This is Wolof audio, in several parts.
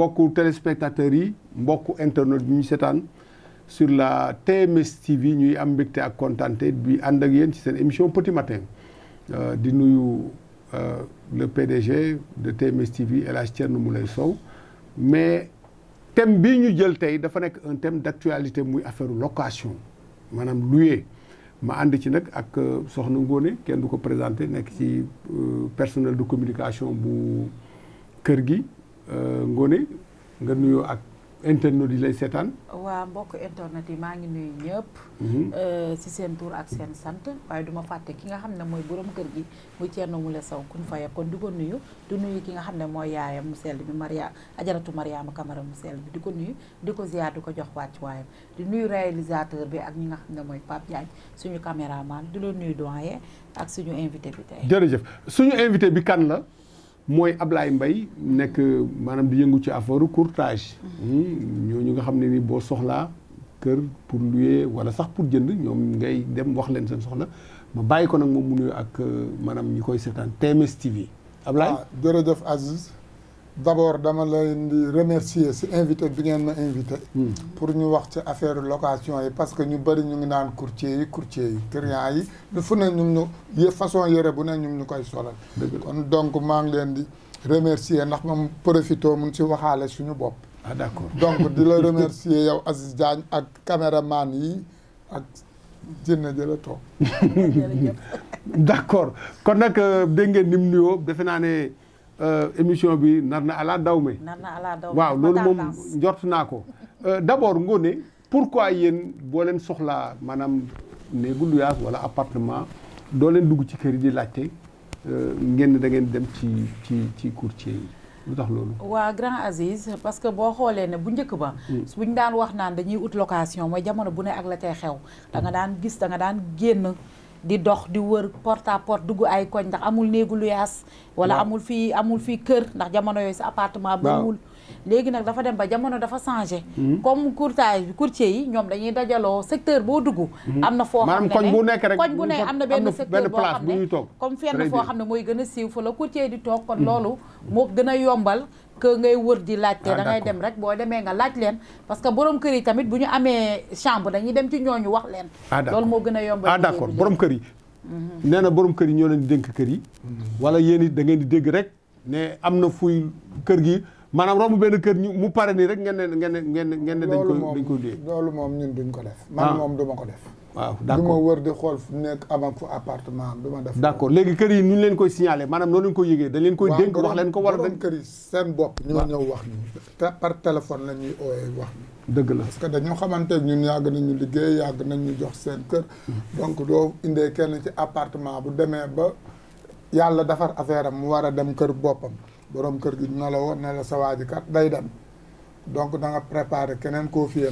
mbokku téléspectateurs yi mbokku internet bi ñu seetaan sur la TMS TV ñuy am mbégte ak kontaante bi ànd ak yéen ci seen émission Petit Matin euh, di nuyu euh, le PDG de TMS TV El Hadj Thierno Moulay Sow mais thème bi ñu jël tey dafa nekk un thème d'actualité muy affaire location maanaam louer ma ànd ci nag ak euh, Soxna Ngone kenn du ko présenté nekk ci personnel de communication bu kër gi Euh, Ngoné nga nuyoo ak internet yi lay seetaan. waa mbokk internet yi maa ngi nuyu ñëpp. Mhm. Euh, ci seen tur ak seen sant waaye duma fàtte ki nga xam ne mooy borom kër gi mu Thierno Moule Sow kuñ fa kon di ko nuyu di nuyu ki nga xam ne mooy yaayam mu sell bi Maria ajaratu Mariama Camara mu sell bi di ko nuyu di ko ziar du ko jox wàcc waayam di nuyu réalisateur bi ak ñi nga xam ne mooy Pape Diagne suñu caméraman di la nuyu doyen ak suñu invité bi tey. jërëjëf suñu invité bi kan la. mooy Ablaye mbay nekk maanaam bi yëngu ci affaire courtage. Mm-hmm. Hmm, ñu nga xam ne ni boo soxlaa kër pour louer wala sax pour jënd ñoom ngay dem wax leen seen soxla ma bàyyi ko nag moom mu nuyu ak euh, maanaam ñi koy seetaan TMS TV. Ablaye waaw ah, jërëjëf Aziz. d'abord dama leen di remercier si invité bi ngeen ma invité. Hmm. pour ñu wax ci affaire location yi parce que ñu bari ñu ngi naan courtier yi courtier yi client yi lu fu ne ñu ñu façon yére bu ne ñu ñu koy solal. kon donc maa ngi leen di remercier ndax moom profité mun ci waxaale suñu bopp. ah d'accord donc di la remercier yow Aziz Diagne ak caméraman yi ak. jënna jëla toog d'accord kon nag euh, dégg ngeen ni mu nuyoo defe naa ne. Euh, émission bi nar na ala daw me waaw loolu moom njort naa ko euh, d'abord Ngoné pourquoi yéen boo leen soxlaa maanaam néegu luyaas wala appartement doo leen dugg ci kër yi di laajte euh, ngeen da ngeen dem ci ci ci courtier yi lu tax loolu. waaw grand Aziz parce que boo xoolee ne bu njëkk ba. Hmm. su buñ daan wax naan dañuy ut location mooy jamono bu ne ak la tey xew. da nga hmm. daan gis da nga daan génn. di dox di wër porte à dugg ay koñ ndax amul néegu luyaas wala amul fii amul fii kër ndax jamono yooyu sa appartement bawul léegi nag dafa dem ba jamono dafa changé hmm. comme courtage bi courtier yi ñoom dañuy dajaloo secteur boo dugg hmm. am na foo xam ne koñ bu nekk rek koñ bu nekk am na benn secteur boo xam ne comme fenn foo xam ne mooy gën a siiw fa la courtier di toog kon hmm. loolu moo gën a yombal que ngay wër di laajte ah, da ngay dem rek boo demee nga laaj leen parce que borom kër yi tamit bu ñu amee chambre dañuy dem ci ñooñu wax leen ah, loolu moo gën a yomb ah d'accord borom kër yi mhm. nee na borom kër yi ñoo leen di dénk kër yi mhm. wala yéen it da ngeen dégg rek ne am na fuy kër gi maanaam mu benn kër ñu mu pare nii rek ngeen ne ngeen ne ngeen ne dañ ko dañ moom ñun duñ ko def ah. man moom duma ko def waaw d' accord du ma wër di xool nekk avant fu appartement du ma def. d' léegi kër yi nu ñu leen koy signalé maanaam noonu leen koy yëgee dañ leen koy. dénk wax leen ko wala dañ kër yi seen bopp. ñoo ñëw wax ñu par téléphone la ñuy ooyee wax ñu. dëgg la parce que dañoo xamante ñun yàgg nañu liggéey yàgg nañu jox seen kër. Hmm. donc doo indee kenn ci appartement bu demee ba yàlla defar affaire am mu war a dem kër boppam borom kër gi dina la woon ne la sa waa ji kat day dem keneen koo fi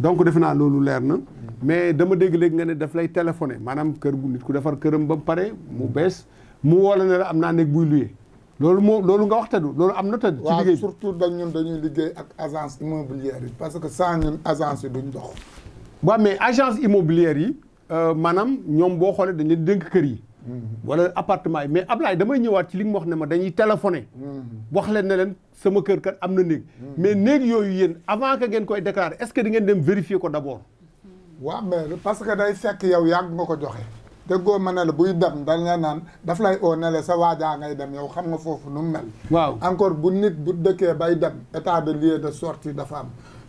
donc defe naa loolu leer na mais dama dégg léegi nga ne daf lay téléphoné maanaam kër gu nit ku defar këram ba pare mu bees mu woola ne la am naa nekk buy luyee loolu moo loolu nga wax te du loolu am na te ci liggéey waaw surtout dañ dañuy liggéey ak agence immobilière yi parce que saa ñun agence yi duñ dox waaw mais agence immobilière yi euh, maanaam ñoom boo xoolee dañu dénk kër yi wala appartement yi mais Ablaye damay ñëwaat ci li mu wax ne ma dañuy téléphoné. wax leen ne leen sama kër kat am na néeg. mais néeg yooyu yéen avant que ngeen koy déclarer est-ce que di ngeen dem vérifier ko d'abord. waaw mais parce que day fekk yow yàgg nga ko joxe. déggoo ma ne la buy dem dañ la naan daf lay oo ne sa waajaa ngay dem yow xam nga foofu nu mu mel. waaw encore bu nit bu dëkkee bay dem état de lieu de sorti dafa am.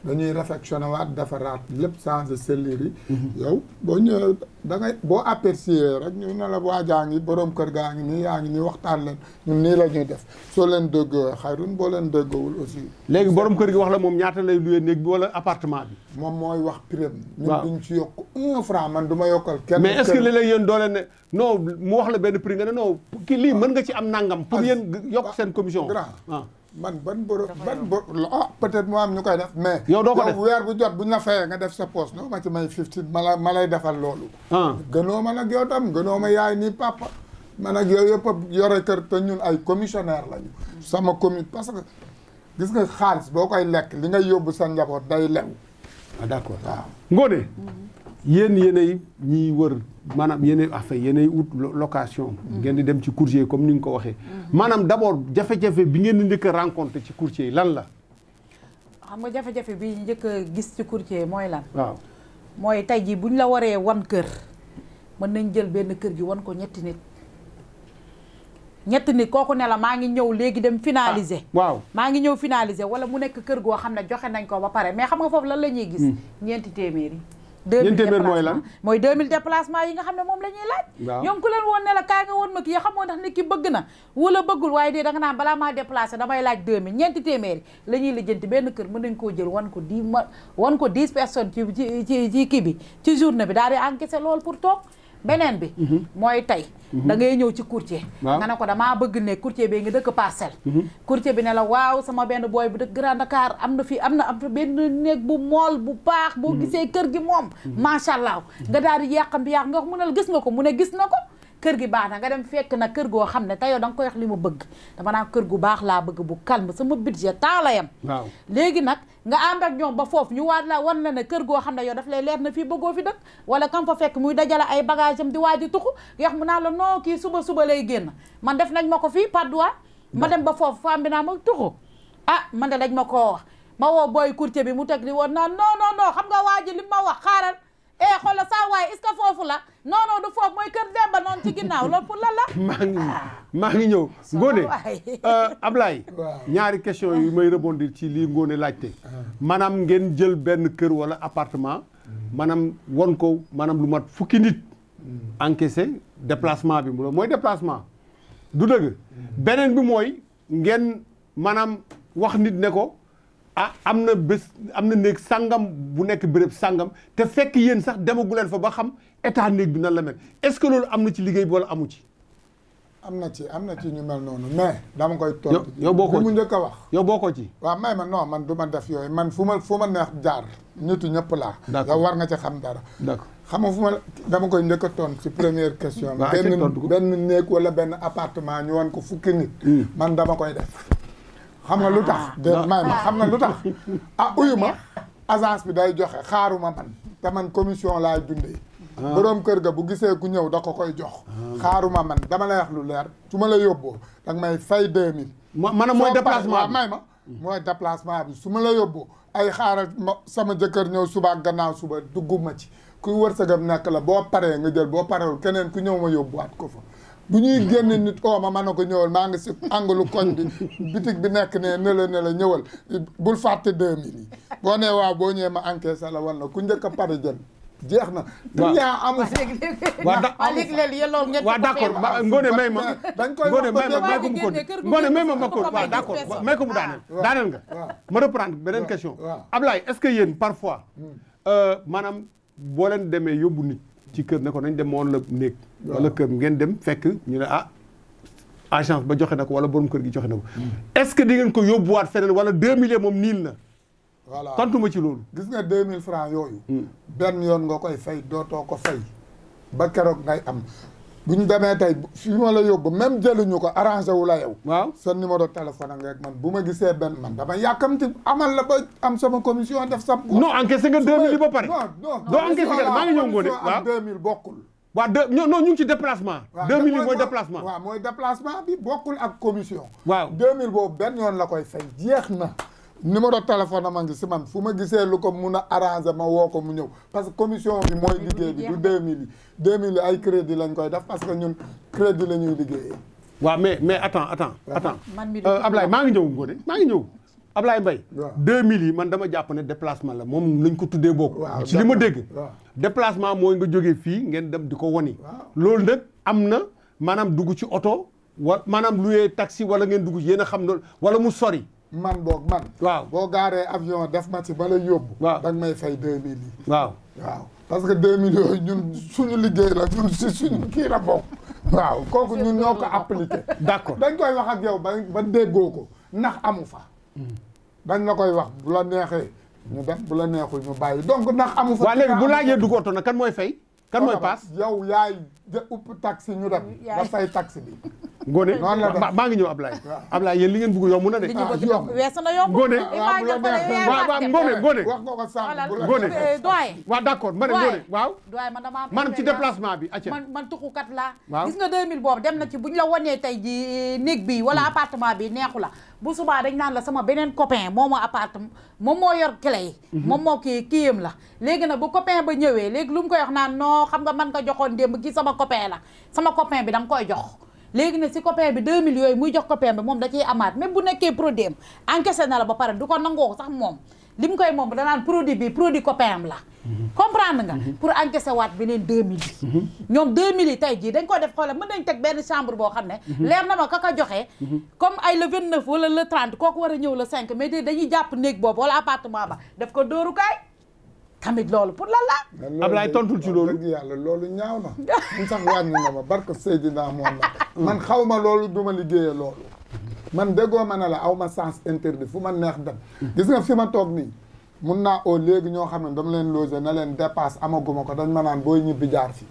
dañuy réfectionné waat defaraat lépp change de selleri yi mhm. yow boo ñëwee da ngay boo apprécier rek ñu ne la waajaa ngi borom kër gaa ngi nii yaa ngi nii waxtaan leen ñun nii la ñuy def soo leen déggoo xayrun boo leen déggoowul aussi léegi borom kër gi wax la moom ñaata lay luyee néeg bi wala appartement bi moom mooy wax prix ñun duñ ci yokk un franc man du ma yokkal kenn mais est que li lay yéen dooleen ne non mu wax la benn prix nga ne non kii lii mën nga ci am nangam pour yéen yokk seen commission grand ah. man ban boro ban boro ah peut-être mu am ñu koy def mais. yow doo ko def weer bu jot bu ñu la fayee nga def sa poche non ma ci may fifteen ma la ma lay defal loolu. Ah. gënoo ma nag yow tam gënoo ma yaay nii papa. man ak yow yëpp yore kër te ñun ay commissionnaire lañu. sama commis parce que gis nga xaalis boo koy lekk li nga yóbbu sa njaboot day lew. ah d'accord waaw. Ngone. yéen yéenay ñiy wër. maanaam yeneen affaire yeneen ut location. Mm. ngeen di dem ci courtier comme ni ñu ko waxee. Mm. maanaam d' abord jafe-jafe bi ngeen di njëkk a rencontré ci courtier yi lan la. xam nga jafe-jafe bi njëkk a gis ci courtier yi mooy lan. waaw mooy tey jii bu ñu la waree wan kër. mën nañ jël benn kër gi wan ko ñetti nit. ñetti nit kooku ne la maa ngi ñëw léegi dem finaliser. Ah, waaw maa ngi ñëw finaliser wala mu nekk kër goo xam ne joxe nañ ko ba pare mais xam nga foofu lan la ñuy gis. Mm. ñeenti téeméeri. deux mille mooy lan mooy deux mille yi nga xam ne moom la ñuy laaj ñoom ku leen woon ne la kaay nga ma kii ya xamoo ndax nit ki bëgg na wala bëggul waaye dee da nga naan balaa ma déplacé damay laaj deux mille ñeenti téeméeri la ñuy benn kër mën nañ koo jël wan ko dix ma wan ko dix personnes ci ci ci kii bi ci journée bi daal di encaissé lool pour toog beneen bi mhm. mooy tey mhm. da ngay ñëw ci courtier nga ne ko damaa bëgg ne courtier bee nga dëkk parcel mhm. courtier bi ne la waaw sama benn booy bu dëkk Grand Dakar am na fii am na am benn néeg bu mool bu baax boo gisee kër gi moom macha allah nga daal di yàqam bi yàq nga ko mu ne gis nga ko mu ne gis na ko kër gi baax na nga dem fekk na kër goo xam ne teyoo da nga koy wax li ma bëgg dama naa kër gu baax laa bëgg bu calme sama budget temps la yem waaw léegi nag nga ànd ak ñoom ba foofu ñu waat la wan la ne kër goo xam ne yow daf lay leer na fii bëggoo fi dëkk wala kam fekk muy dajale ay bagage am di naa la non kii suba suba lay génn man def nañ ma ko fii Padois ma dem ba foofu fa bi naa ma tuxu ah ma de dañ ma ko wax ma woo booy courtier bi mu teg li woon naan non non non xam nga waa ji li ma wax xaaral eh xoolal saa waay est-ce que foofu la non du foofu mooy kër Demba noonu ci ginnaaw loolu pour lan la. maa ngi maa ngi ñëw. Ah, Ngone euh, ñaari question yu may rebondir ci lii Ngone laajte. Ah. maanaam ngeen jël benn kër wala appartement. maanaam won ko maanaam lu mat fukki nit. encaissé déplacement bi loolu mooy déplacement. du dëgg mm. beneen bi mooy ngeen maanaam wax nit ne ko. ah am na bés am na néeg sàngam bu nekk béréb sàngam te fekk yéen sax demagu leen fa ba xam état néeg bi na la mel est-ce que loolu am na ci liggéey bi wala amu ci. am na ci am na ci ñu mel noonu mais dama koy. tontu yow boo ko ci njëkk a wax. yow boo ko ci. waaw may ma non man du def yooyu man fu ma fu ma neex jaar nitu ñëpp laa. d'accord war nga ci xam dara. d'accord xam nga fu ma dama koy njëkk a tontu ci première question. benn benn néeg wala benn appartement ñu wan ko fukki nit. Hmm. man dama koy def. xam nga lu tax ah. de may ma xam nga lu tax ah uyu ma agence bi day joxe xaaruma man te man commission laay dundee ah. boroom kër ga bu gisee ku ñëw da ko koy jox ah. xaaruma man dama lay wax lu leer su ma la yóbboo danga may fay deux ma maanaam mooy déplacement may ma mooy déplacement bi su ma la yóbboo ay xaaral ma sama jëkkër ñëw suba ak gannaaw suba dugguma ci kuy wërsëgam nekk la boo paree nga jël boo parewul keneen ku ñëw ma yóbbuwaat ko fa bu ñuy génn nit ooma ma ne ko ñëwal maa ngi si angalu koñ bi bitig bi nekk ne ne la ne la ñëwal bul fàtte deux mille yi boo nee waaw boo ñëwee ma encaissé la wala ku njëkk a pari jën jeex na. waaw yaa am. waaw waaw d' accord Ngone may ma. dañ koy Ngone may ma may ko mu ko Ngone may ma ma ko waaw d' accord may ko mu daaneel. daaneel nga. ma reprendre beneen question. waaw Ablaye est ce que yéen parfois. Hmm. Euh, maanaam boo leen demee yóbbu nit. ci kër ne ko nañ dem woon la néeg wala kër ngeen dem fekk ñu ne ah agence ba joxe na ko wala borom kër gi joxe na ko hmm. est-ce que di ngeen ko yóbbuwaat feneen wala deux milliers moom niil na voilà tontuma ci loolu gis nga deux mille francs yooyu hmm. benn yoon nga koy fay dootoo ko fay ba keroog ngay am bu ñu demee tey fi ma la yóbbu même jëluñu ko arrangé wu la yow. waaw sa numéro téléphone a man bu ma gisee benn man dama yàkkamti amal la ba am sama commission def sam. non encaissé nga 2000 yi ba pare. non non nga maa ngi bokkul. waaw deux non ñu ngi ci déplacement. waaw 2000 yi mooy déplacement. waaw mooy déplacement bi bokkul ak commission. waaw 2000 boobu benn yoon la koy fay jeex na. numéro téléphone am a ngi si man fu ma gisee lu ko mun a arranger woo ko mu ñëw parce que commission bi mooy liggéey bi du deux mille yi deux mille yi ay crédit lañ koy def parce que ñun crédit la ñuy liggéeyee waaw mais mais attends attends attends euh, Ablaye maa ngi ñëw Ngoné maa ngi ñëw Ablaye Mbaye deux mille yi man dama jàpp ne déplacement la moom nañ ko tuddee bokk ci li ma dégg déplacement mooy nga jógee fii ngeen dem di ko woni loolu nag am na maanaam dugg ci oto wa maanaam luyee taxi wala ngeen dugg yéen a xam loolu wala mu sori man boog man. waaw boo gaaree avion def ma ci bala yóbbu. waaw da nga may fay deux mille yi. waaw waaw parce que deux mille yooyu ñun suñu liggéey la ñun suñu kii la bokk. waaw kooku ñun ñoo ko appliqué. d'accord dañ koy wax ak yow ba ba déggoo ko ndax amu fa. Hmm. dañ la koy wax bu la neexee ñu def bu la neexul ñu bàyyi donc ndax amu fa. waaw léegi bu laajee dugg oto na kan mooy fay. kan mooy paas yow yaay ja upp taxi ñu dem. yaay say taxi bi. Ngone maa ngi ñëw Ablaye. Ablaye yéen li ngeen bugg yomb na de. Ah, weesu na yomb. Ngone waaw waaw Ngone Ngone. wax nga ko sànq Ngone. Eh, doyen waaw d' man damaa maanaam laa. waaw gis nga 2000 boobu dem na ci bu ñu la wonee tey ji néeg bi wala hmm. appartement bi neexu la. bu subaa dañ naan la sama beneen copain moo ma appartement moom moo yor clé yi mhm. moom moo kii kiyam la léegi nag bu copain ba ñëwee léegi lu mu ko wax naan noo xam nga man ko joxoon démb kii sama copain la sama copain bi danga koy jox léegi nag si copain bi 2 millions yooyu muy jox copain bi moom da ciy amaat même bu nekkee problème encaissé na la ba pare du ko nangoo sax moom li mu koy moom danaan produit bii produit copain am la. Mhm. comprendre nga. Mhm. pour encaisser waat beneen 2000 bi mhm. ñoom 2000 yi tey jii dañ ko def xoolal mën nañ teg benn chambre boo xam ne. leer na ma ka ka joxe. comme ay le 29 wala le 30 kooku war a ñëw la 5 mais dañuy jàpp néeg boobu wala appartement ba def ko dóorukaay. tamit loolu pour lan la. Ablaye tontul ci loolu dëgg yàlla loolu ñaaw na. ñun sax wàññi na ma barke Seydina moom la. man xaw loolu du ma liggéeyee loolu. man déggoo ma ne la aw ma sens interdit fu ma neex dem. gis nga fi ma toog nii mun naa oo léegi ñoo xam ne dama leen loger na leen dépasse amaguma ko dañ ma naan booy ñibbi jaar fi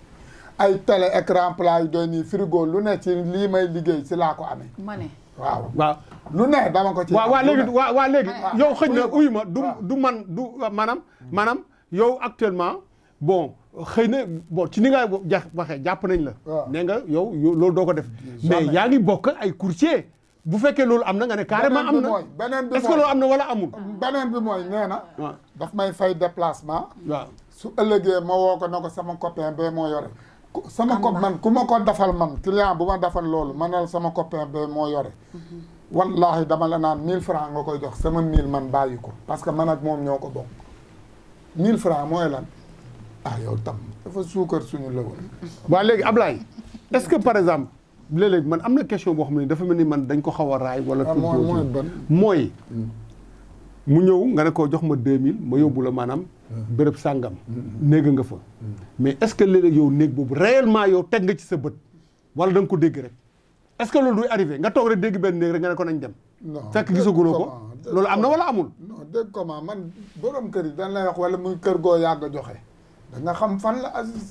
ay télé écran plat yu doy nii frigo lu ne ci lii may liggéey si laa ko amee. ma waaw waaw. lu ne dama ko ci. waaw waaw léegi waaw waaw léegi yow xëj na uyu ma du du man du maanaam maanaam yow actuellement bon. xëy na bon ci ni nga waxee jàpp nañ la. nee nga yow loolu doo ko def. mais yaa ngi bokk ay courtier bu fekkee loolu am na nga ne carrément am na beneen bi est-ce que loolu amul. beneen bi mooy nee na. Ah. daf may fay déplacement. su ëllëgee ma woo ko na ko sama copain bee moo yore. sama copain man ku ma ko dafal man client bu ma dafal loolu manal sama copain bee moo yore. wallahi dama la naan 1000 francs nga koy jox sama 1000 man bàyyi ko parce que man ak moom ñoo ko bokk 1000 francs mooy lan ah yow tam dafa suukar suñu la woon. waa léegi Ablaye est-ce que par exemple. léeg man am na question boo xam ne dafa mel ni man dañ ko xaw a raay. wala ah, tout mooy hmm. mu ñëw nga ne ko jox ma 2000 ma yóbbu la maanaam. Hmm. béréb sàngam. Hmm, néeg nga fa. mais est-ce que léeg yow néeg boobu réellement yow teg nga ci sa bët. wala da ko dégg rek. est-ce que loolu duy arrivé nga toog rek dégg benn néeg rek nga ne ko nañ dem. fekk gisaguloo ko loolu am na wala amul. non dégg comment man borom kër yi dañ lay wax wala muy kër goo yàgg joxe. nga xam fan la Aziz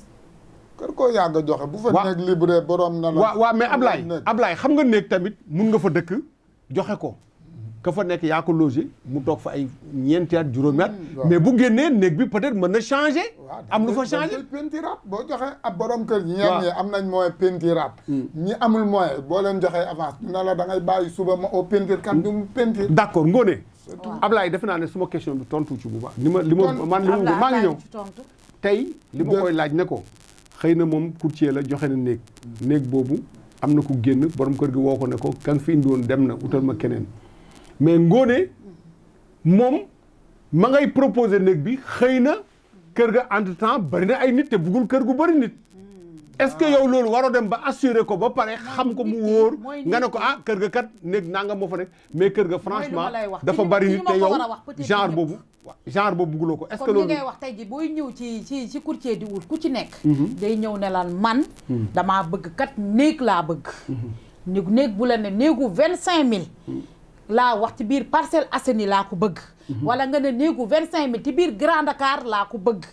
kër koo yàgg a joxe bu fa nekk libre borom na la waaw waaw mais Ablaye Ablaye xam nga néeg tamit mun nga fa dëkk joxe ko ka fa nekk yaa ko logé mu toog fa ay ñeenti at juróomi at hmm, mais bu génnee néeg bi peut-être mën na changé am lu fa changé peintirab boo joxe ab borom kër ñi ñeen ñi am nañ moyen peintirab hmm. ñi amul moyen boo leen joxee avance dina la da ngay suba ma au peintir kan du mu hmm. peintir d'accord Ngoné Ablaye defe naa ne suma question bi tontu ci bu baax li ma li ma man li maa ngi ñëw tey li ma koy laaj ne ko xëy na moom courtier la joxe na néeg néeg boobu am na ku génn borom kër gi woo ko ne ko kan fi indi woon dem na utal ma keneen mais ngoone moom ma ngay proposé néeg bi xëy na kër ga entre temps bari na ay nit te buggul kër gu bari nit est-ce que yow loolu waroo dem ba assurer ko ba pare xam ko mu wóor nga ne ko ah kër ga kat néeg nanga moo fa nekk mais kër ga franchement dafa bari nit te yow genre boobu genre boobu bugguloo ko est ce que ngay wax tey ji booy ñëw ci ci ci courtier di wut ku ci nekk mhm. day ñëw ne lan man mhm. damaa bëgg kat néeg laa bëgg mhm. néeg néeg bu la ne néegu vingt cinq mille laa wax ci biir Parcelles Assainies laa ko bëgg wala nga ne néegu vingt cinq mille ci biir Grand Dakar laa ko bëgg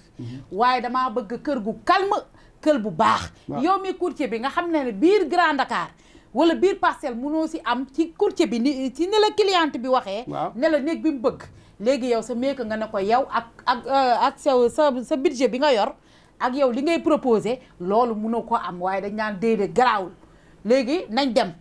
waaye damaa bëgg kër gu calme kër bu baax yow mi courtier bi nga xam ne ne biir Grand Dakar wala biir parcelle munoo si am ci courtier bi ni ci ne la cliente bi waxee ne la néeg bi mu bëgg léegi yow sa méeka nga ne ko yow ak ak euh, ak sa sa budget bi nga yor ak yow li ngay proposé loolu mënoo ko am waaye dañ naan déedéet garaawul léegi nañ dem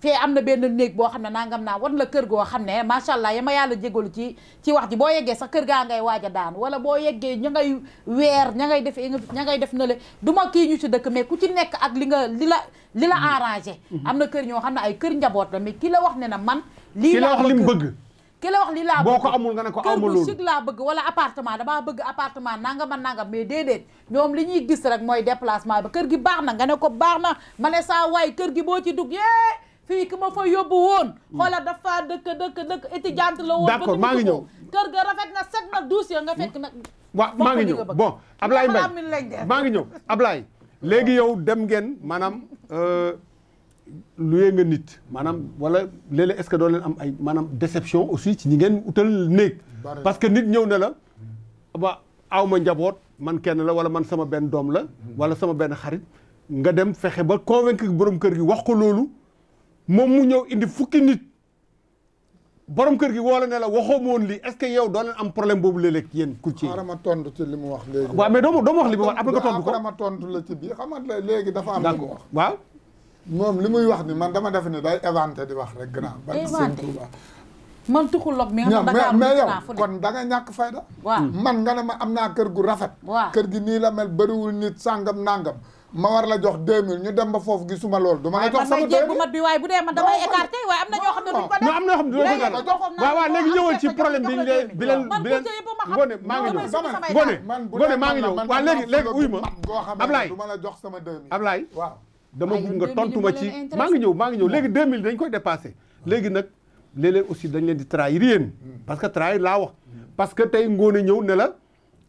fee am na benn néeg boo xam ne nangam naa wan la kër goo xam ne macha allah yama yàlla jégalu ci ci wax ji boo yeggee sax kër gaa ngay waaj wala boo yeggee ña ngay weer ña ngay def ña ngay def na le du kii ñu ci dëkk mais ku ci nekk ak li nga li la li la mm-hmm. arrangé mm-hmm. am na kër ñoo xam ne ay kër njaboot la mais ki la wax ne na man lii la wax li mu bëgg ki la wax li laa bëgg boo ko amul nga ne ko amul loolu kër bu chic laa bëgg wala appartement damaa bëgg appartement nangam ak nangam mais déedéet ñoom li ñuy gis rek mooy déplacement ba kër gi baax na nga ne ko baax na ma ne saa waay kër gi boo ci dugg yee fii ki ma fa yóbbu woon hmm. xoola dafa dëkk dëkk dëkk étudiante la woon d'accord maa ngi ñëw kër ga rafet na set na douce nga fekk nag waaw maa ngi ñëw bon Ablaye Mbaye maa ngi ñëw Ablaye léegi yow dem ngeen maanaam euh, lu luyee nga nit maanaam wala léeg-léeg est-ce que doo leen am ay maanaam déception aussi ci ñi ngeen utal néeg parce que nit ñëw ne la ba aw ma njaboot man kenn la wala man sama benn doom la wala sama benn xarit nga dem fexe ba convaincre borom kër gi wax ko loolu moom mu ñëw indi fukki nit borom kër gi woo la ne la waxoo moon lii est-ce que yow doo li mu wax léegi. waaw mais li mu wax après nga tontu ko ma tontu la ci biir xam léegi dafa am. lu mu wax moom li muy wax ni man dama def ni day éventé di wax rek grand. éventé barke sëñ Touba man tuxuloog mi nga xam mais kon da nga ñàkk fayda waaw man nga ne ma am naa kër gu rafet waaw kër gi nii la mel bëriwul nit sàngam nàngam ma war la jox deux ñu dem ba foofu gisuma lool du ma la jox sama deux mille bu waaye bu dee man damay écarté waaye am na ñoo na ñoo xam ne duñ ko def waaw waaw léegi ci problème bi bi leen bi maa ngi ñëw gone gone maa ngi ñëw waaw léegi léegi uy ma Ablaye du ma la jox sama deux mille Ablaye waaw dama bëgg nga tontu ma ci maa ngi ñëw maa ngi ñëw léegi 2000 dañ koy dépassé léegi nag léeg-léeg aussi dañ leen di trahir yéen mm. parce que trahir laa wax parce que tey ngoone ñëw ne la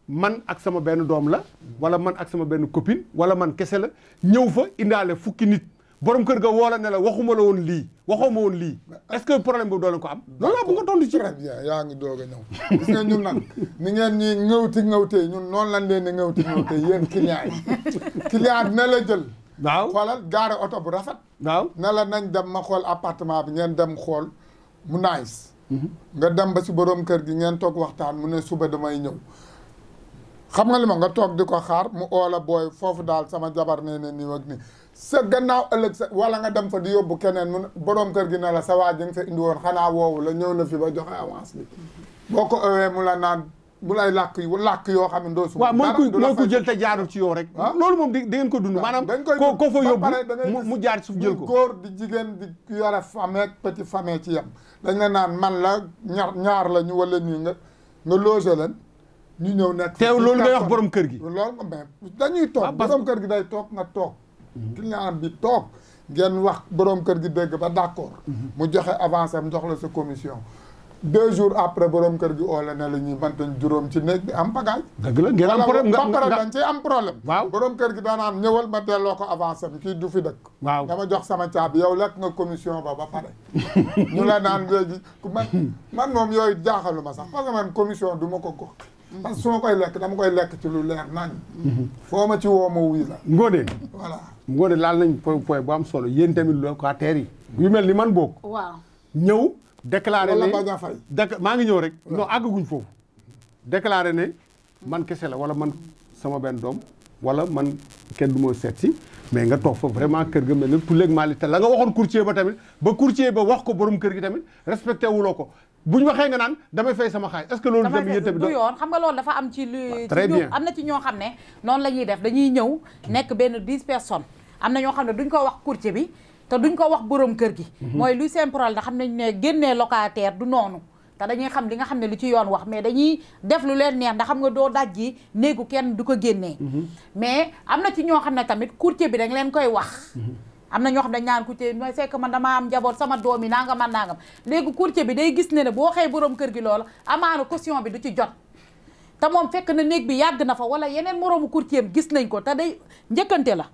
man ak sama benn doom la wala man ak sama benn copine wala man kese la ñëw fa indaale fukki nit borom kër ga woo la ne la waxuma la woon lii waxuma woon lii est-ce que problème boobu doo ko am loolu laa bëgg nga tontu ci très bien yaa ngi doog a ñëw gis nga ñun nag ni ngeen ñuy noonu lan leen di ŋawti ŋawtee yéen client yi client dina la jël waaw xoolal gaare oto bu rafet. waaw ne la nañ dem ma xool appartement bi ngeen dem xool mu nice. Mhm. nga dem ba si borom kër gi ngeen toog waxtaan mu ne suba damay ñëw. xam nga li ma nga toog di ko xaar mu oola booy foofu daal sama jabar nee ne nii ak nii sa gannaaw ëllëg sa wala nga dem fa di yóbbu keneen mu borom kër gi ne la sa waa ji nga fa indi woon xanaa woowu la ñëw na fi ba joxe avance bi mhm. boo ko ëwee mu la naan. mu lay làkk yu làkk yoo xam ne doo su waaw mooy ku mooy ku jël te jaarul ci yow rek ah? loolu moom di ngeen ko dund ah, maanaam ko ko fa yóbbu mu jaar suuf jël ko góor di jigéen di yore famille ak petit famille ci yem dañ la naan man la ñaar ñaar la ñu wala nii nga nga loger leen ñu ñëw nekk teew loolu ngay wax boroom kër gi loolu mais dañuy toog ah, borom kër gi day toog nga toog ki ñaanam mhm. bi toog ngeen wax boroom kër gi dégg ba d'accord mhm. mu joxe avancé am jox la sa commission deux jours après borom kër gi oo la ne la ñuy bantañ juróom ci néeg bi am bagage. dëgg la am nga nga dañ cee am problème. waaw borom kër gi daanaan ñëwal ma loo ko avancé bi kii du fi dëkk. waaw dama jox sama caabi yow lekk nga commission ba ba pare. ñu la naan léegi man man moom yooyu jaaxalu ma sax parce que man commission duma ma ko gox. parce que su ma koy lekk dama koy lekk ci lu leer nañ. Mhm. foo ma ci woo ma wuy la. Ngode. laal nañ point point bu am solo yéen tamit locataires yi. yu mel ni man bokk. waaw ñëw. déclaré ne maa ngi ñëw rek non àggaguñ foofu déclaré ne man kese la wala man sama benn doom wala man kenn du ma seet si mais nga toog fa vraiment kër ga mel ne tout la nga waxoon courtier ba tamit ba courtier ba wax ko borom kër gi tamit respecté wuloo ko ñu waxee nga naan damay fay sama xaaj est-ce que loolu tamit yéen tamit du yoon xam nga loolu dafa am ci lu am na ci ñoo xam ne noonu la def dañuy ñëw nekk benn dix personnes am na ñoo xam ne duñ ko wax courtier bi te duñ ko wax borom kër gi mhm. mooy lu seen problème da xam nañ ne génnee locataire du noonu te dañuy xam li nga xam ne lu ci yoon wax mais dañuy def lu leen neex ndax xam nga doo dajji néegu kenn du ko génnee mhm. mais am na ci ñoo xam ne tamit courtier bi dañ leen koy wax mhm. am na ñoo xam ne ñaan ku bi mooy c'est que man damaa am njaboot sama doom yi nangam man naa nangam léegi courtier bi day gis ne ne boo waxee boroom kër gi loolu amaana caution bi du ci jot te moom fekk na néeg bi yàgg na fa wala yeneen moroomu courtier am gis nañ ko te day njëkkante la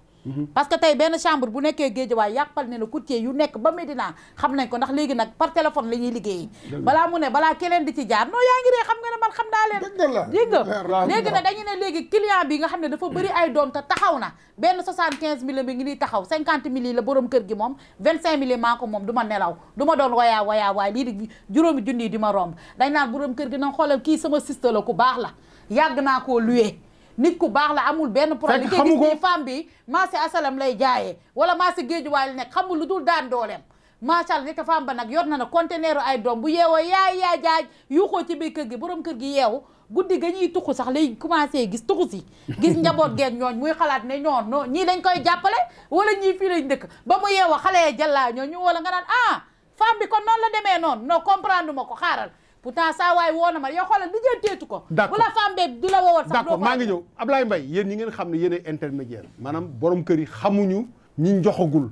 parce que tey benn chambre bu nekkee géejawaay yàppal ne la courtier yu nekk ba Medina xam nañ ko ndax léegi nag par téléphone la ñuy liggéey balaa mu ne balaa keneen di ci jaar non yaa ngi ree xam nga ne man xam naa leen dégg nga léegi nag dañu ne léegi client bi nga xam ne dafa bëri ay doom te taxaw na benn soixante quinze mille bi ngi niy taxaw cinquante mille la borom kër gi moom vingt cinq mille maa ko moom du ma nelaw du ma doon wayaa wayaa waay lii di juróomi junni di ma romb dañ naan borom kër gi nag xoolal kii sama sista la ku baax la yàgg naa koo luwee nit ku baax la amul benn problème fekk xamu ko femme bi marché asalam lay jaayee wala marché géej waay la nekk xamul lu dul daan dooleem macha allah nekk femme ba nag yor na na conteneur ay doom bu yeewoo yaay yaa jaaj yuuxoo ci biir kër gi boroom kër gi yeewu guddi ga ñuy tuxu sax lay commencé gis tuxu si gis njaboot geen ñooñ muy xalaat ne ñoon non ñii dañ koy jàppale wala ñii fii lañ dëkk ba mu yeewoo xale ya jàllaa ñoo ñu wala nga naan ah femme bi kon noonu la demee noonu non comprendre ko xaaral pourtant saa waay woo na ma yow xoolal di jël teetu ko bu la femme beeg du la woowoon sax d'accord maa ngi ñëw Ablaye Mbaye yéen ñi ngeen xam ne yenee intermédiaire maanaam borom kër yi xamuñu ñi joxagul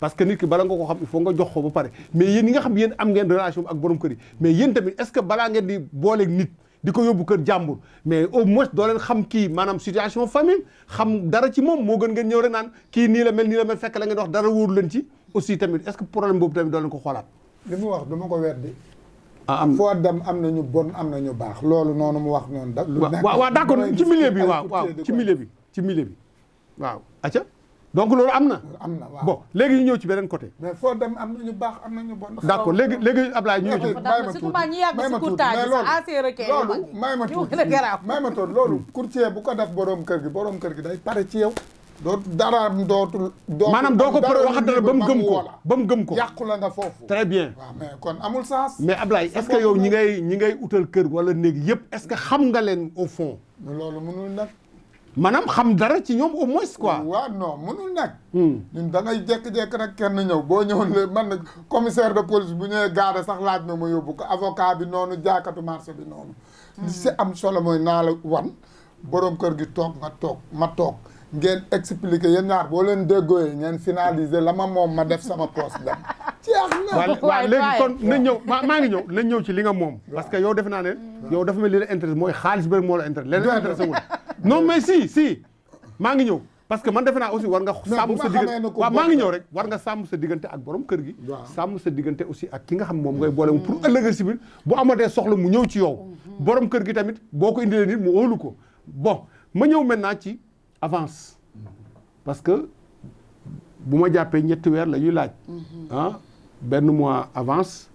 parce que nit ki bala nga ko xam il faut nga jox ko ba mais yéen ñi nga xam yéen am ngeen relation ak borom kër yi mais yéen tamit est-ce que balaa ngeen di booleeg nit di ko yóbbu kër jàmbur mais au moins doo xam kii maanaam situation famille xam dara ci moom moo gën ngeen ñëw rek naan kii nii la mel nii la mel fekk la ngeen wax dara wóoru leen ci aussi tamit est-ce que problème ko xoolaat li mu wax dama ko weddi Ah, am foo dem am na ñu bon am na ñu baax loolu noonu mu wax noonu. da lu nekk waaw waaw d'accord ci milieu bi waaw waaw ci milieu bi ci milieu bi waaw. acca donc loolu am na. am na waaw léegi ñu ñëw ci beneen côté. mais foo dem am na ñu baax am na ñu bon. d'accord léegi léegi Ablaye ñu ngi ci. may ma tuuti may ma tuuti mais loolu loolu may ma tuuti loolu courtier bu ko def borom kër gi borom kër gi day pare ci yow. doo dara dootul. dootul maanaam doo ko wax dara ba mu gëm ko ba mu gëm ko. yàqu la nga foofu. très bien waaw mais kon amul sens. mais Ablaye est-ce que yow ñi ngay ñi ngay utal kër wala néeg yëpp est-ce que xam nga leen au fond. loolu mënul nag. maanaam xam dara ci ñoom au moins quoi. waaw non mënul nag. Hmm. ñun da ngay jékki rek kenn ñëw boo ñëwoon la man na commissaire de police bu ñëwee gaare sax laaj na ma yóbbu ko avocat bi noonu jaakatu marché bi noonu. si am solo mooy naa la wan borom kër gi toog nga toog ma toog. ngeen expliqué yéen ñaar boo leen déggooyee ngeen finalisé la ma moom ma def sama poste dem. jeex na kon nañ ñëw maa ngi ñëw nañ ñëw ci li nga moom. parce que yow def naa ne. yow dafa mel li la intéresse mooy xaalis bi moo la intéresse leneen intéresse wul non mais si si maa ngi ñëw. parce que man defe naa aussi war nga sàmm sa diggante waaw maa ngi ñëw rek war nga sàmm sa diggante ak borom kër gi sàmm sa diggante aussi ak ki nga xam moom ngay boole pour ëllëg si biir bu amatee mu ñëw ci yow mhm. borom kër gi tamit boo ko indilee nii mu óolu ko bon ma ñëw men naa ci avance parce que bu ma jàppee ñetti weer la ñuy laaj mhm. ah, benn mois avance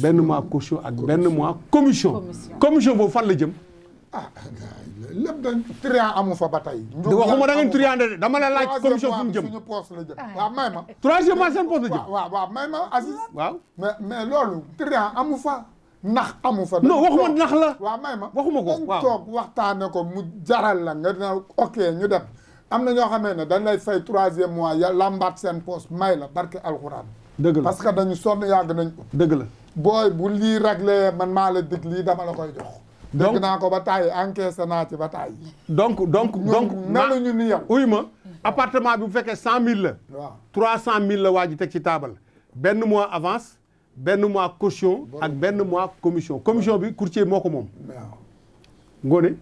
benn mois caution ak benn mois commission commission boobu fan la jëm ah lépp dañ trian amu fa ba tey. waxuma da ngeen trian de dama la laaj commission fu mu jëm suñu poste la jëm ah. waaw may ma troisième mois seen poste la jëm waaw waaw may ma Aziz waaw mais loolu trian amu fa nax amu fa. non waxuma nax la waaw may ma waxuma ko waaw toog waxtaane ko mu jaral la nga naa ok ñu def am na ñoo xamee ne dañ lay fay troisième mois ya lambaat seen poste may la barke alxuraan. dëgg la parce que dañu sonn yàgg nañ ko. dëgg la booy bu lii réglé man maa la dig lii dama la koy jox. donc dégg ko ba taay encaissé naa ci ba taay. donc donc donc meluñu ni yow. uy ma appartement bi bu fekkee cent mille la. trois cent mille la waa ji teg ci taabal benn mois avance. benn mois caution ak benn mois commission commission bi courtier moo ko moom. ngoone.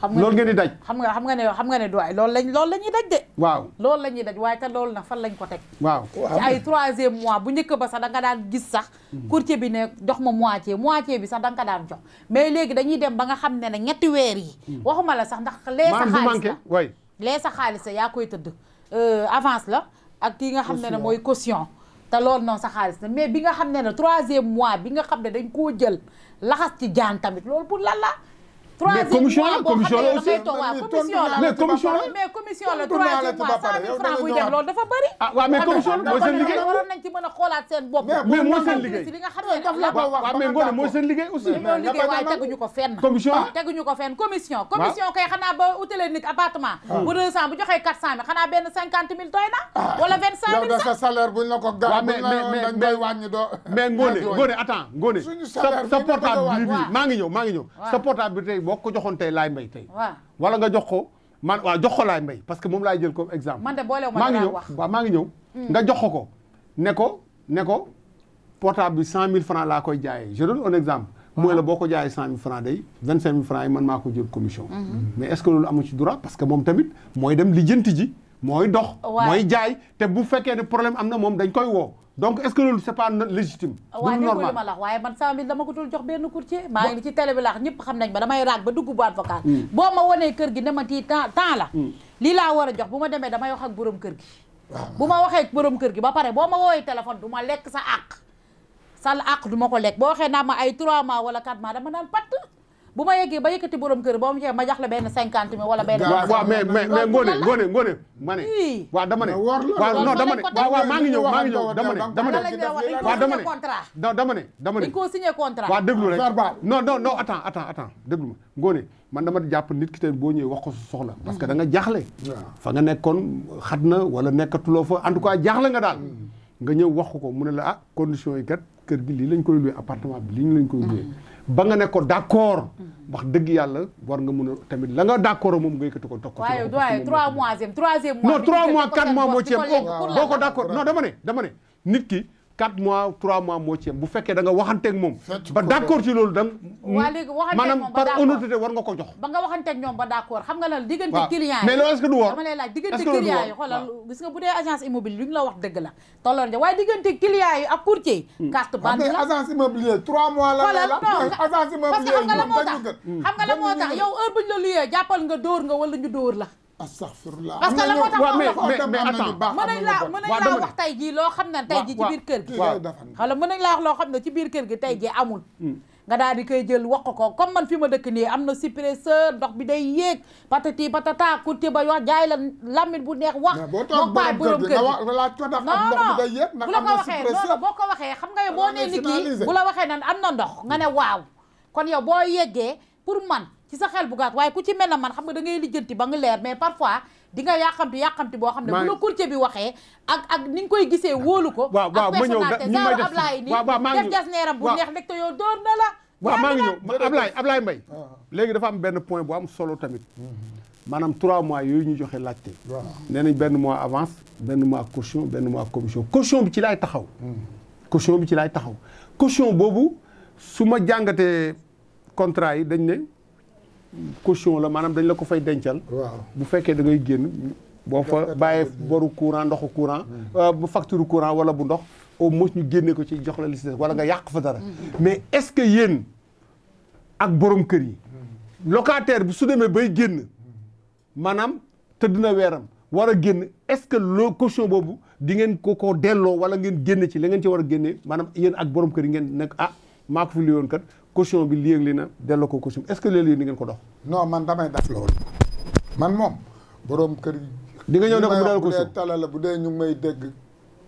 xam nga loolu ngeen di daj. xam nga xam nga ne xam nga ne doy loolu lañ loolu la ñuy daj de. waaw lool la ñuy daj waaye te loolu nag fan lañ ko teg. waaw ci ay troisième mois bu njëkk ba sax da daan gis sax. Hmm. courtier bi ne jox ma moitié moitié bi sax da nga daan jox mais léegi dañuy dem ba nga xam ne ne ñetti weer yi. Hmm. waxuma la sax ndax. lee sa xaalis la lee sa xaalis la yaa koy tëdd euh, avance la. ak kii nga xam ne ne mooy caution. te loolu noonu sa xaalis na mais bi nga xam ne ne troisième mois bi nga xam ne dañ koo jël laxas ci jaan tamit loolu pour lan la mais commission la commission la aussi mais commission la mais commission la 3 mois buy dem loolu dafa bëri. ah waaw commission la mooy seen liggéey waroon nañ ci ko wax waaw mais ngoone ko fenn. commission ah, ah. commission. kay xanaa ba utalee nit appartement. Ah. bu 200 bu joxee 400 000 xanaa benn 50 000 doy na. wala 25 000 yow sa salaire buñ la ko gaaw buñ la noonu dañ koy doo. boo ko joxoon tey laay mbay tey. waaw wala nga jox ko man waaw jox ko laay mbay parce que moom laay jël ko exemple. man de boolewuma maa ngi ñëw waaw mm. nga jox ko ko ne ko ne ko portable bi cent mille francs laa koy jaayee je donne un exemple. mooy la boo ko jaayee cent mille francs day vingt cinq mille francs yi man maa ko jël commission. Mm-hmm. mais est-ce que loolu amu ci droit parce que moom tamit mooy dem lijjanti ji. mooy dox. mooy jaay te bu fekkee ne problème am na moom dañ koy woo. donc est-ce que loolu c'est pas légitime. waaw déglu ma waaye man 100000 dama ko dul jox benn courtier. maa ngi ci télé bi laax ñëpp xam nañ ma damay raag ba dugg bu avocat. Mm. boo ma wanee kër gi ne ma tii temps temps la. Mm. lii laa war a jox bu ma demee damay wax ak borom kër gi. Ah. bu ma waxee ak borom gi ba pare boo ma woowee téléphone du ma lekk sa àq. sa àq duma ko lekk boo waxee naa ma ay 3 mois wala 4 mois dama naan patt. bu ma yeggee ba yëkkati borom kër ba mu jeex ma jox la benn cinquante mille wala benn. waaw mais mais mais Ngone Ngone Ngone. ne dama ne. waaw maa ngi ñëw maa ngi ñëw dama ne dama ne. waaw dama ne non dama ne dama ne. dañ koo signé contrat. waaw déglu rek non non non attends attends attends déglu ma jàpp nit ki tamit boo ñëwee wax ko soxla. parce que da nga jaaxle. fa nga nekkoon xat na wala nekkatuloo fa en tout cas jaaxle nga daal. Hmm. nga ñëw wax ko mu ne la ah condition yi kat kër gi lii lañ koy loué appartement bi lii lañ koy loué hmm. ba nga ne ko d'accord wax dëgg yàlla war nga mun a tamit la nga d'accord moom nga yëkkati ko toog ko waaye waaye troisième troisième mois non trois mois quatre mois moo ci yem oh, boo ko d'accord non dama ne dama ne nit ki quatre mois trois ci yem bu fekkee da nga waxanteeg moom. ba d' accord loolu dang waa léegi waxanteeg moom ba war nga ko jox. ba nga waxanteeg ñoom ba d' accord nga lan diggante. client yi mais loolu du wor. dama lay laaj diggante client yi xoolal la wax dëgg la. tolloon ja waaye diggante client yi ak courtier yi. Hmm. carte bande la agence immobilier trois mois la. la la agence immobilier nga la hmm. moo tax nga la moo tax nga dóor nga la astaghfirullah parce que la laa wax tey jii loo xam na tey jii ci biir kër gi xala mën nañ laa wax loo xam na ci biir kër gi tey jii amul hmm. nga daal di koy jël wax ko comme man fi ma dëkk nii am na suppresseur ndox bi day yéeg patati patata kutte ba wax jaay la lamine bu neex wax boo baay borom kër non non bu la ko waxee non boo ko waxee xam nga yow boo nee nit bu la waxee nan am na ndox nga ne waaw kon yow boo yeggee pour man ci sa xel bu gaat waaye ku ci mel na man xam nga dangay ngay lijjanti ba nga leer mais parfois di nga yàqamti yàqamti boo xam ne bu la courtier bi waxee ak ak ni nga koy gisee wóolu ko waaw waaw ma ñëw ñu may def Ablaye nii def jas neeram bu neex nekk te yow door na la waaw maa ngi ñëw Ablaye Ablaye Mbaye léegi dafa am benn point bu am solo tamit maanaam trois mois yooyu ñu joxe laajte nee nañ benn mois avance benn mois caution benn mois commission caution bi ci laay taxaw caution bi ci laay taxaw caution boobu su ma jàngatee contrat yi dañ ne caution la maanaam dañ la ko fay dencal. waaw bu fekkee da ngay génn. boo fa bàyyee boru courant ndoxu courant. Euh, bu facture courant wala bu ndox au moins ñu génne ko ci jox la li si wala nga yàq fa dara. Mm-hmm. mais est-ce que yéen ak boroom kër yi. Mm-hmm. locataire bi su demee bay génn maanaam tëdd na weeram war a génn est-ce que loo caution boobu di ngeen ko ko delloo wala ngeen génne ci la ngeen ci war a génne maanaam yéen ak borom kër yi ngeen nekk ah maa ko fi liyoon kat caution bi léeg-léeg na delloo ko caution est-ce que léeg-léeg di ngeen ko dox. non man damay def loolu. man moom borom kër yi. di nga ñëw ne ko mu delloo caution bu dee tala la bu dee ñu may dégg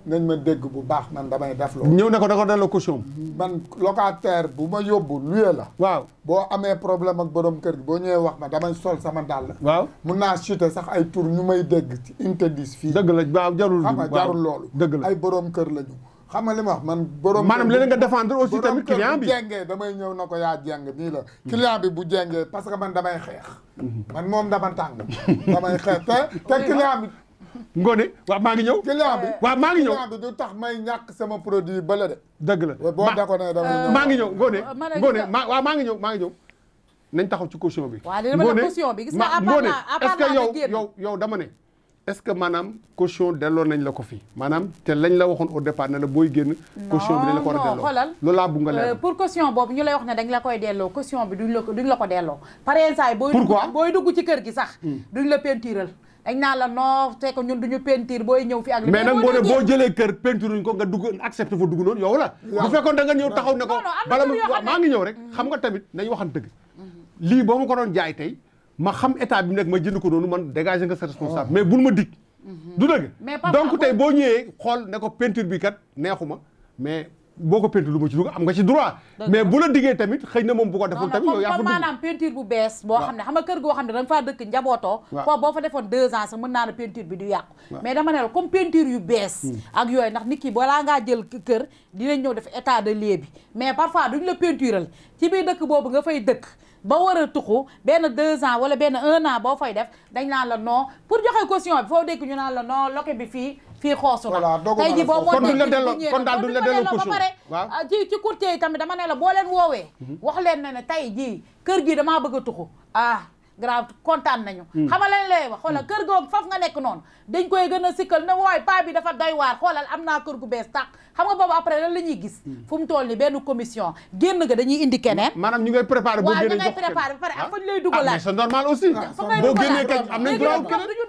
nañ ma dégg bu baax man damay def loolu. ñëw ne ko da ko delloo caution man locataire bu ma yóbbu luye la. waaw boo amee problème ak borom kër gi boo ñëwee wax ma damay sol sama dàll. waaw mun naa chuter sax ay tur ñu may dégg ci interdit fii. dëgg la waaw jarul. waaw jarul loolu. dëgg la ay borom kër la ñu. xam nga li ma man. borom maanaam leneen nga défendre aussi tamit client bi jengee damay ñëw na ko yaa jeng nii la. client bi bu jengee parce que man damay xeex. man moom dama tàng. damay xeex te te client bi. Ngone waaw maa ngi ñëw. client bi waaw maa ngi ñëw client tax may ñàkk sama produit ba la de. la boo d'accord ne dama maa ngi ñëw Ngone. Ngone maa waaw maa ngi ñëw maa ngi ñëw. nañ taxaw ci caution bi. waaw li dama ne bi gis nga à part à part est-ce que yow yow yow dama ne est-ce que maanaam caution delloo nañ la ko fi maanaam te lañ la waxoon au départ ne la booy génn. caution bi dañ la ko a delloo xoolal loolu laa bëgg nga leer euh, pour caution boobu ñu lay wax ne dañ la koy delloo caution bi duñ la ko duñ la ko delloo. pare yenn saa yi booy. pourquoi dugg ci kër gi sax. Hmm. duñ la pentiral dañ naa la noo te ñun duñu peinture booy ñëw fi ak. mais nag boo ne boo jëlee kër peinture ko nga dugg accepté fa dugg noonu yow la. bu fekkoon da nga ñëw taxaw ne ko. bala maa ngi ñëw rek xam nga tamit nañ waxan dëgg hmm. lii boo ma ko doon jaay tey ma xam état bi mu nekk ma jënd ko noonu man dégagé nga sa responsable mais bul ma dig du dëgg mm-hmm. donc tey boo ñëwee xool ne ko peinture bi kat neexuma mais boo ko peinture lu ma ci dugg am nga ci droit mais bu la tamit xëy na moom bu ko defoon tamit yow yaa ko bu bees boo xam ne xam kër goo xam ne da nga dëkk njabootoo boo fa defoon deux ans sax mën bi du yàqu mais dama ne la comme yu bees hmm. ak yooyu ndax nit ki balaa ngaa jël kër dinañ ñëw def état de lieu bi mais parfois duñ la peintural ci bii dëkk boobu nga fay dëkk ba war a tuxu benn deux ans wala benn un an boo fay def dañ naan la non pour joxe caution bi foo dégg ñu naan la non loke bi fii fii xoosu na tey ji boo moo dégg kon daal duñ la delloo ba pare ah, ci ci courtier yi tamit dama ne boo leen woowee mhm. wax leen ne ne tey jii kër gi damaa bëgg a tuxu ah grave kontaan nañu hmm. xama lañ lay wax xoolal hmm. kër googu foofu nga nekk noonu dañ koy gën a sikkal na waay paa bi dafa doy waar xoolal am naa kër gu bees tàq xam nga boobu après lan gis hmm. fu toll ni benn commission génn nga dañuy indi keneen maanaam ñu ngay préparé ba pare ak ah. fa lay dugalaat ah, mais c'est normal aussi boo génnee kañ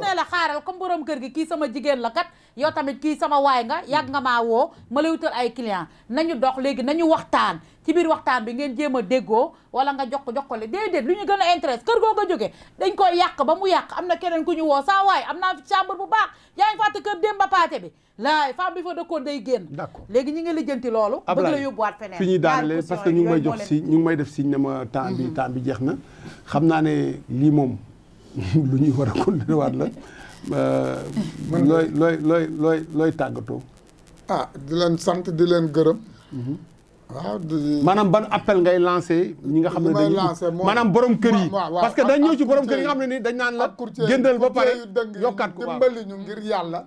ne la xaaral comme borom kër gi kii sama jigéen la kat yow tamit kii sama waay nga yàgg nga maa woo ma lay wutal ay client nañu dox léegi nañu waxtaan ci biir waxtaan bi ngeen jéem a déggoo wala nga jox ko jox ko le déedéet lu ñu gën a intéresse kër goo nga jógee dañ koy yàq ba mu yàq am na keneen ku ñu woo saa waay am naa fi chambre bu baax yaa ngi fàtte kër ba Paate bi laay femme bi fa dëkkoon day génn d'accord léegi ñi ngi lijjanti loolu bëgg la yóbbuwaat feneen fi ñuy daanale parce que ñu ngi may jox si ñu ngi may def si ne ma temps bi mhm. temps bi jeex na xam naa ne lii moom lu ñuy war a continuer waat la. Euh, man looy looy looy looy looy tàggatoo. ah di leen sant di leen gërëm. Mm-hmm. waaw maanaam ban appelle ngay lancé ñi nga xam ne dañuy maanaam borom kër yi parce que dañ ñëw ci borom kër yi nga xam ne ni dañ naan la géndal ba pare yokkaat ko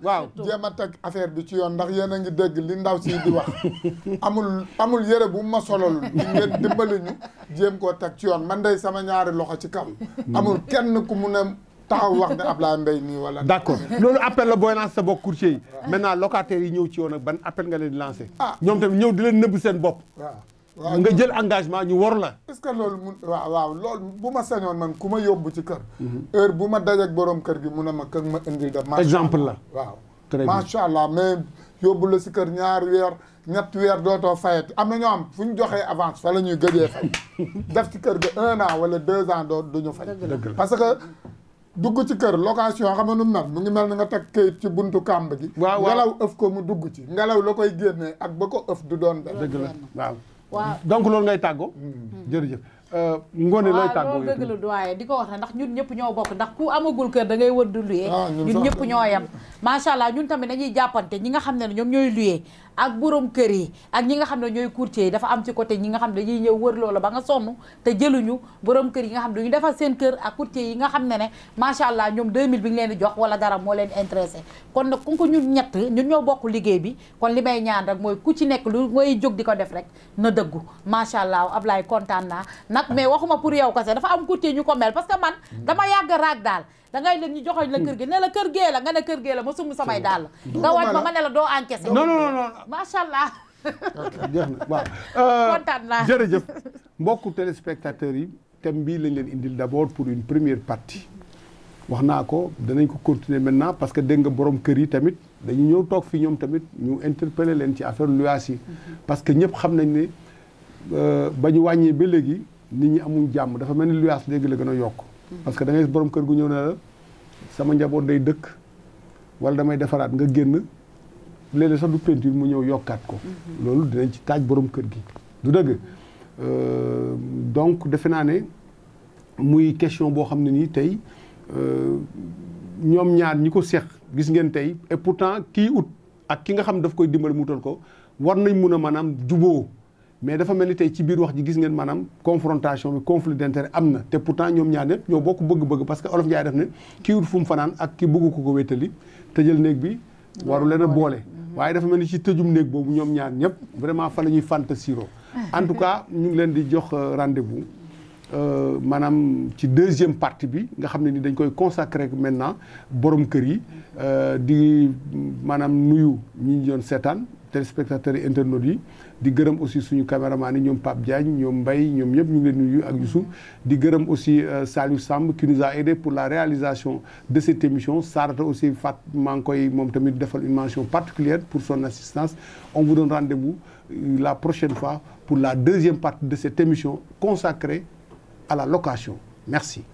waaw jéem a teg affaire bi ci yoon ndax yéen a ngi dégg li ndaw si di wax amul amul yëre bu ma solol ngeen dimbali ñu jéem koo teg ci yoon man day sama ñaari loxo ci kaw hmm. amul kenn ku mun a taxaw wax ne Ablaye Mbaye nii wala. d' accord loolu appel la booy lancé sa bokk courtier yi. maintenant locataires yi ñëw ci yoon ak ban appel nga leen di ah ñoom tamit ñëw di leen nëbb seen bopp. waaw nga jël engagement ñu war la. est ce que loolu mun waaw waaw loolu bu ma sañoon man ku ma yóbbu ci kër. heure bu ma dajeeg borom kër gi mun a ma kër ma indil de. exemple la waaw. macha allah mais yóbbu la si kër ñaar weer. ñett weer dootoo fayet am na ñoo am fu ñu joxee avance fa la ñuy gëjee fay def ci kër gi un an wala deux ans doo du ñu fay parce que dugg ci kër location xam nga nu mel mu ngi mel ni nga teg kayit ci buntu kàmb gi. waaw ngelaw ëf ko mu dugg ci ngelaw la koy génnee ak ba ko ëf du doon la waaw. waaw donc loolu ngay tàggoo. Mm-hmm. jërëjëf euh, Ngoné looy tàggoo. waaw loolu dëgg la doyen di ko wax ndax ñun ñëpp ñoo bokk ndax ku amagul kër da ngay wër di luyee. Ah, ñun ñëpp ñoo yem. macha allah ñun tamit dañuy jàppante ñi nga xam ne ñoom ñooy luyee ak borom kër yi ak ñi nga xam ne ñooy courtier yi dafa am ci côté ñi nga xam ne dañuy ñëw wër loola ba nga sonn te jëluñu borom kër yi nga xam ne dañu defal seen kër ak courtier yi nga xam ne ne macha allah ñoom 2000 bi ngi leen di jox wala dara moo leen intéressé kon nag ku ko ñun ñett ñun ñoo bokk liggéey bi kon li may ñaan rek mooy ku ci nekk lu ngay jóg di ko def rek na dëggu macha allah ab Ablaye kontaan naa nag mais waxuma pour yow kese dafa am courtier ñu ko mel parce que man dama yàgg raag daal dangay dem ñu joxoñ la kër gi ne kër gee la nga ne kër gee ma sumb samay daal nga wañ ma ma ne la doo encaissé non non macha allah jeex na waaw euh, kontaan naa jërëjëf mbokku téléspectateurs yi thème bii lañ leen indil d'abord pour une première partie wax naa ko danañ ko continuer maintenant parce que dégg nga borom kër yi tamit dañu ñëw toog fi ñoom tamit ñu interpeller leen ci affaire luwaas yi mhm. parce que ñëpp xam nañ ne euh, ba ñu wàññee ba léegi nit ñi amuñ jàmm dafa mel ni luwaas léegi la gën a yokk parce que da borom kër gu ñëw ne la sama njaboot day dëkk wala damay defaraat nga génn léeg sax du peinture mu ñëw yokkaat ko. Mhm. loolu dinañ ci taaj boroom kër gi. du dëgg euh, donc defe naa ne muy question boo xam ne nii tey euh, ñoom ñaar ñi ko seq gis ngeen tey et pourtant kii ut ak ki nga xam daf koy dimbali mu utal ko war nañ mun a maanaam juboo mais dafa mel ni tey ci biir wax ji gis ngeen maanaam confrontation bi conflit d'intérêt am na te pourtant ñoom ñaar ñëpp ñoo bokk bëgg-bëgg parce que olof Njaay def ne kii wut fu mu fanaan ak ki bëgg ko ko wéttali tëjal néeg bi waru leen a boole waaye dafa mel ni ci tëjum néeg boobu ñoom ñaar ñëpp vraiment fa la ñuy fanta siro en tout cas ñu ngi leen di jox euh, rendez-vous euh, maanaam ci deuxième partie bi nga xam ne ni dañ koy consacrer maintenant boroom kër yi euh, di maanaam nuyu ñi ñu doon seetaan téléspectateurs et internautes yi di gërëm aussi suñu caméraman yi ñoom Pape Diagne ñoom mbay ñoom ñëpp ñu ngi leen nuyu ak Youssouf di gërëm aussi euh, Saliou Samb qui nous a aidé pour la réalisation de cette émission Sarata aussi Fat maa ngi koy moom tamit defal une mention particulière pour son assistance on vous donne rendez-vous euh, la prochaine fois pour la deuxième partie de cette émission consacrée à la location merci